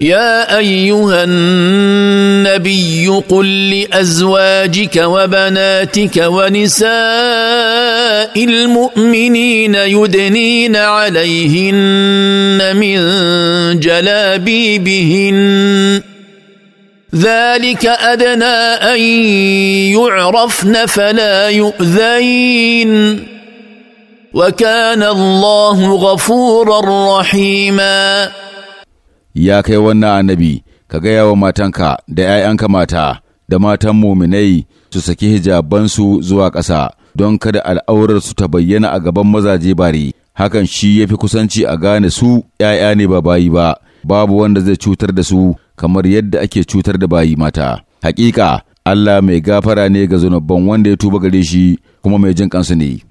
يا ايها النبي قل لازواجك وبناتك ونساء المؤمنين يدنين عليهن من جلابيبهن ذلك ادنى ان يعرفن فلا يؤذين وكان الله غفورا رحيما ya kai wannan annabi ka gaya wa matanka da ‘ya'yanka mata da matan muminai su saki hijabansu zuwa ƙasa don kada al'aurarsu ta bayyana a gaban mazaje bari hakan shi ya fi kusanci a gane su ‘ya'ya ne ba bayi ba babu wanda zai cutar da su kamar yadda ake cutar da bayi mata hakika Allah mai gafara ne ga zunubban wanda ya tuba gare shi kuma mai jin kansu ne